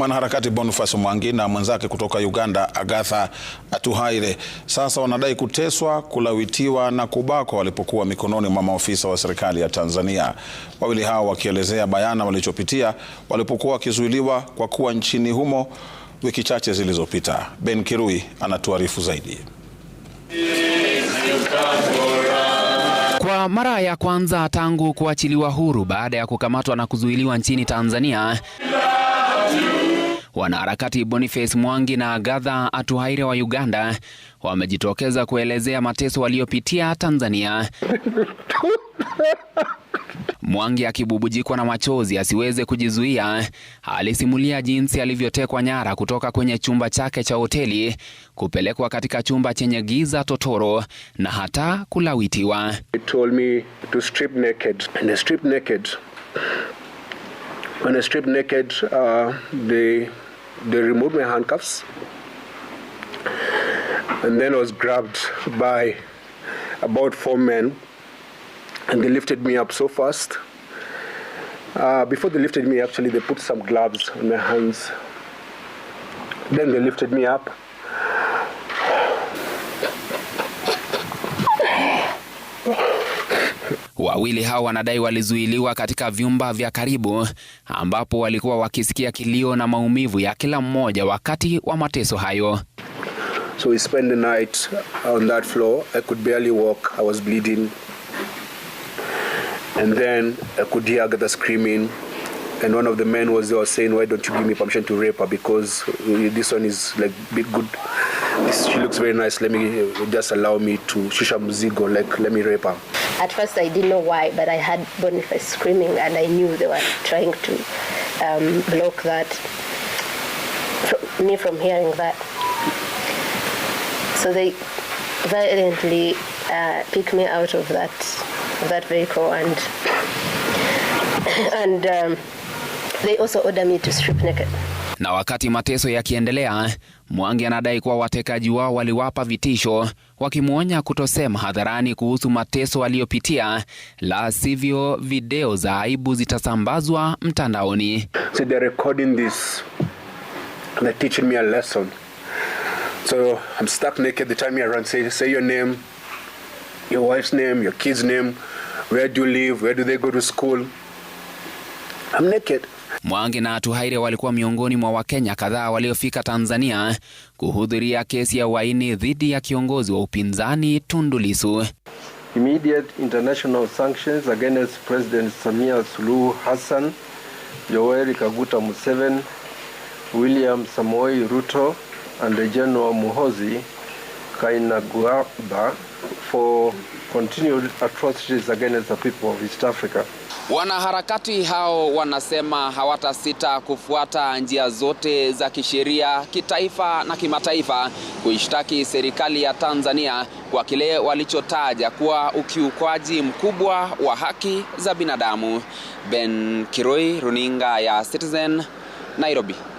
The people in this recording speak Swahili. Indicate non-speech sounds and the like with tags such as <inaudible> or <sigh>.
Mwanaharakati Boniface Mwangi na mwenzake kutoka Uganda Agatha Atuhaire sasa wanadai kuteswa, kulawitiwa na kubakwa walipokuwa mikononi mwa maofisa wa serikali ya Tanzania. Wawili hao wakielezea bayana walichopitia walipokuwa wakizuiliwa kwa kuwa nchini humo wiki chache zilizopita. Ben Kirui anatuarifu zaidi. Kwa mara ya kwanza tangu kuachiliwa huru baada ya kukamatwa na kuzuiliwa nchini Tanzania Wanaharakati Boniface Mwangi na Agatha Atuhaire wa Uganda wamejitokeza kuelezea mateso waliopitia Tanzania. Mwangi akibubujikwa na machozi asiweze kujizuia, alisimulia jinsi alivyotekwa nyara kutoka kwenye chumba chake cha hoteli kupelekwa katika chumba chenye giza totoro na hata kulawitiwa they removed my handcuffs and then I was grabbed by about four men and they lifted me up so fast. Uh, before they lifted me, actually, they put some gloves on my hands. Then they lifted me up Wawili hao wanadai walizuiliwa katika vyumba vya karibu ambapo walikuwa wakisikia kilio na maumivu ya kila mmoja wakati wa mateso hayo. So we spent the night on that floor. I could barely walk. I was bleeding. And then I could hear screaming. And one of the men was there saying, why don't you give me permission to rape her? Because uh, this one is like big good. she looks very nice. Let me uh, just allow me to shusha mzigo. Like, let me rape her. At first, I didn't know why, but I had Boniface screaming, and I knew they were trying to um, block that me from hearing that. So they violently uh, picked me out of that that vehicle, and <coughs> and um, they also ordered me to strip naked. Na wakati mateso yakiendelea, Mwangi anadai kuwa watekaji wao waliwapa vitisho, wakimwonya kutosema hadharani kuhusu mateso aliyopitia, la sivyo video za aibu zitasambazwa mtandaoni. So your wife's name, your kid's name, where do you live, where do they go to school? I'm naked. Mwangi na tuhaire walikuwa miongoni mwa Wakenya kadhaa waliofika Tanzania kuhudhuria kesi ya uhaini dhidi ya kiongozi wa upinzani Tundu Lissu. Immediate international sanctions against President Samia Suluhu Hassan, Yoweri Kaguta Museveni, William Samoei Ruto and General Muhozi Kainerugaba for continued atrocities against the people of East Africa. Wanaharakati hao wanasema hawatasita kufuata njia zote za kisheria, kitaifa na kimataifa kuishtaki serikali ya Tanzania kwa kile walichotaja kuwa ukiukwaji mkubwa wa haki za binadamu. Ben Kiroi, Runinga ya Citizen, Nairobi.